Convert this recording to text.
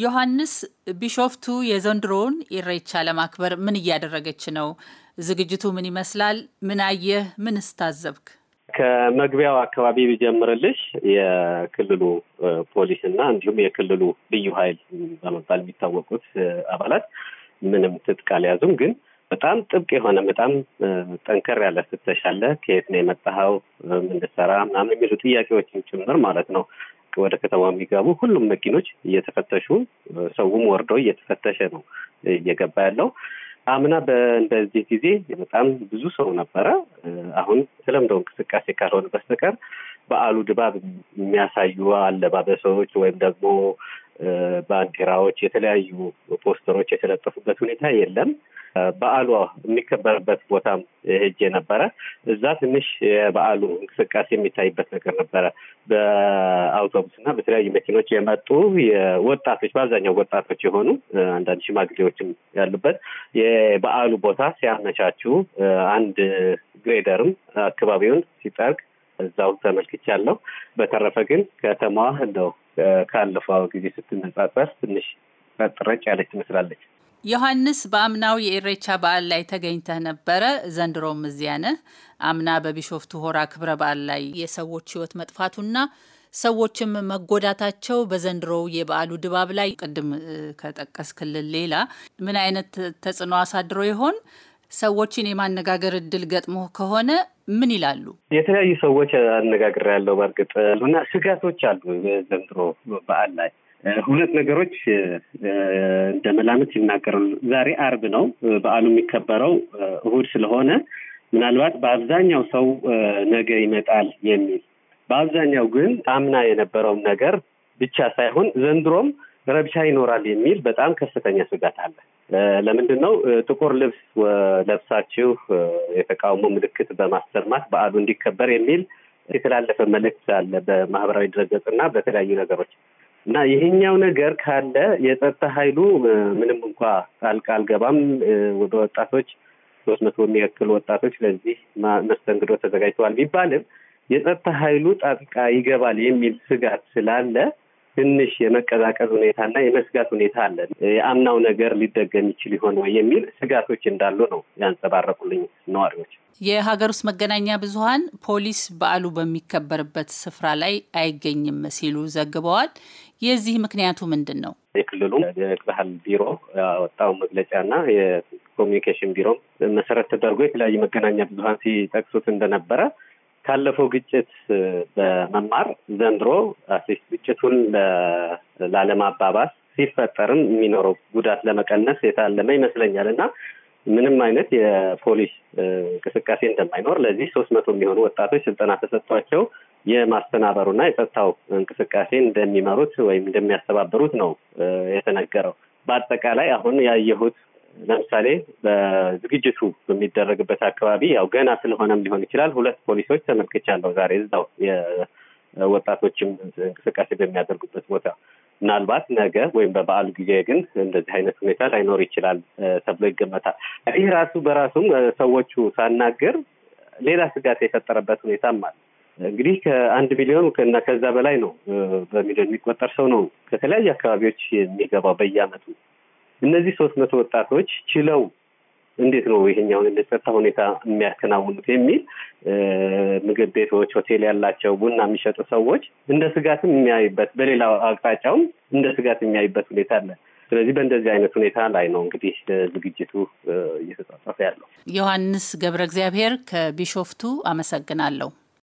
ዮሐንስ ቢሾፍቱ የዘንድሮውን ኢሬቻ ለማክበር ምን እያደረገች ነው? ዝግጅቱ ምን ይመስላል? ምን አየህ? ምን እስታዘብክ? ከመግቢያው አካባቢ ቢጀምርልሽ የክልሉ ፖሊስ እና እንዲሁም የክልሉ ልዩ ኃይል በመባል የሚታወቁት አባላት ምንም ትጥቅ አልያዙም። ግን በጣም ጥብቅ የሆነ በጣም ጠንከር ያለ ፍተሻ አለ። ከየት ነው የመጣኸው፣ ምን ምናምን የሚሉ ጥያቄዎችን ጭምር ማለት ነው ወደ ከተማ የሚገቡ ሁሉም መኪኖች እየተፈተሹ ሰውም ወርዶ እየተፈተሸ ነው እየገባ ያለው። አምና በእንደዚህ ጊዜ በጣም ብዙ ሰው ነበረ። አሁን ተለምዶ እንቅስቃሴ ካልሆነ በስተቀር በዓሉ ድባብ የሚያሳዩ አለባበሶች ወይም ደግሞ ባንዲራዎች፣ የተለያዩ ፖስተሮች የተለጠፉበት ሁኔታ የለም። በዓሉ የሚከበርበት ቦታም ሄጄ ነበረ። እዛ ትንሽ የበዓሉ እንቅስቃሴ የሚታይበት ነገር ነበረ። በአውቶቡስ እና በተለያዩ መኪኖች የመጡ ወጣቶች፣ በአብዛኛው ወጣቶች የሆኑ አንዳንድ ሽማግሌዎችም ያሉበት የበዓሉ ቦታ ሲያመቻቹ አንድ ግሬደርም አካባቢውን ሲጠርግ እዛው ተመልክቻለሁ። በተረፈ ግን ከተማዋ እንደው ካለፈው ጊዜ ስትነጻጸር ትንሽ ጥረጭ ያለች ትመስላለች። ዮሐንስ በአምናው የኢሬቻ በዓል ላይ ተገኝተህ ነበረ፣ ዘንድሮም እዚያ ነህ። አምና በቢሾፍቱ ሆራ ክብረ በዓል ላይ የሰዎች ሕይወት መጥፋቱና ሰዎችም መጎዳታቸው በዘንድሮው የበዓሉ ድባብ ላይ ቅድም ከጠቀስ ክልል ሌላ ምን አይነት ተጽዕኖ አሳድሮ ይሆን? ሰዎችን የማነጋገር እድል ገጥሞ ከሆነ ምን ይላሉ? የተለያዩ ሰዎች አነጋግር ያለው በእርግጥ እና ስጋቶች አሉ። ዘንድሮ በዓል ላይ ሁለት ነገሮች እንደ መላምት ይናገራሉ። ዛሬ አርብ ነው፣ በዓሉ የሚከበረው እሁድ ስለሆነ ምናልባት በአብዛኛው ሰው ነገ ይመጣል የሚል በአብዛኛው ግን አምና የነበረውም ነገር ብቻ ሳይሆን ዘንድሮም ረብሻ ይኖራል የሚል በጣም ከፍተኛ ስጋት አለ። ለምንድን ነው ጥቁር ልብስ ለብሳችሁ የተቃውሞ ምልክት በማሰማት በዓሉ እንዲከበር የሚል የተላለፈ መልእክት አለ በማህበራዊ ድረገጽ እና በተለያዩ ነገሮች እና ይሄኛው ነገር ካለ የጸጥታ ኃይሉ ምንም እንኳ ጣልቃ አልገባም ወደ ወጣቶች ሶስት መቶ የሚያክል ወጣቶች ለዚህ መስተንግዶ ተዘጋጅተዋል ቢባልም የጸጥታ ኃይሉ ጣልቃ ይገባል የሚል ስጋት ስላለ ትንሽ የመቀዛቀዝ ሁኔታና የመስጋት ሁኔታ አለ። የአምናው ነገር ሊደገም ይችል ይሆን ወይ የሚል ስጋቶች እንዳሉ ነው ያንጸባረቁልኝ ነዋሪዎች። የሀገር ውስጥ መገናኛ ብዙኃን ፖሊስ በዓሉ በሚከበርበት ስፍራ ላይ አይገኝም ሲሉ ዘግበዋል። የዚህ ምክንያቱ ምንድን ነው? የክልሉ የባህል ቢሮ ያወጣው መግለጫና የኮሚኒኬሽን ቢሮ መሰረት ተደርጎ የተለያዩ መገናኛ ብዙሀን ሲጠቅሱት እንደነበረ ካለፈው ግጭት በመማር ዘንድሮ አትሊስት ግጭቱን ላለማባባስ ሲፈጠርም የሚኖረው ጉዳት ለመቀነስ የታለመ ይመስለኛል እና ምንም አይነት የፖሊስ እንቅስቃሴ እንደማይኖር ለዚህ ሶስት መቶ የሚሆኑ ወጣቶች ስልጠና ተሰጥቷቸው የማስተናበሩና የጸጥታው እንቅስቃሴ እንደሚመሩት ወይም እንደሚያስተባብሩት ነው የተነገረው። በአጠቃላይ አሁን ያየሁት ለምሳሌ በዝግጅቱ በሚደረግበት አካባቢ ያው ገና ስለሆነም ሊሆን ይችላል ሁለት ፖሊሶች ተመልክቻለሁ ዛሬ እዛው የወጣቶችም እንቅስቃሴ በሚያደርጉበት ቦታ። ምናልባት ነገ ወይም በበዓሉ ጊዜ ግን እንደዚህ አይነት ሁኔታ ላይኖር ይችላል ተብሎ ይገመታል። ይህ ራሱ በራሱም ሰዎቹ ሳናገር ሌላ ስጋት የፈጠረበት ሁኔታም አለ። እንግዲህ ከአንድ ሚሊዮን እና ከዛ በላይ ነው በሚሊዮን የሚቆጠር ሰው ነው ከተለያዩ አካባቢዎች የሚገባው በየአመቱ። እነዚህ ሶስት መቶ ወጣቶች ችለው እንዴት ነው ይሄኛውን የጸጥታ ሁኔታ የሚያከናውኑት የሚል ምግብ ቤቶች፣ ሆቴል ያላቸው ቡና የሚሸጡ ሰዎች እንደ ስጋትም የሚያዩበት በሌላ አቅጣጫውም እንደ ስጋት የሚያዩበት ሁኔታ አለ። ስለዚህ በእንደዚህ አይነት ሁኔታ ላይ ነው እንግዲህ ዝግጅቱ እየተጻጸፈ ያለው። ዮሐንስ ገብረ እግዚአብሔር ከቢሾፍቱ አመሰግናለሁ።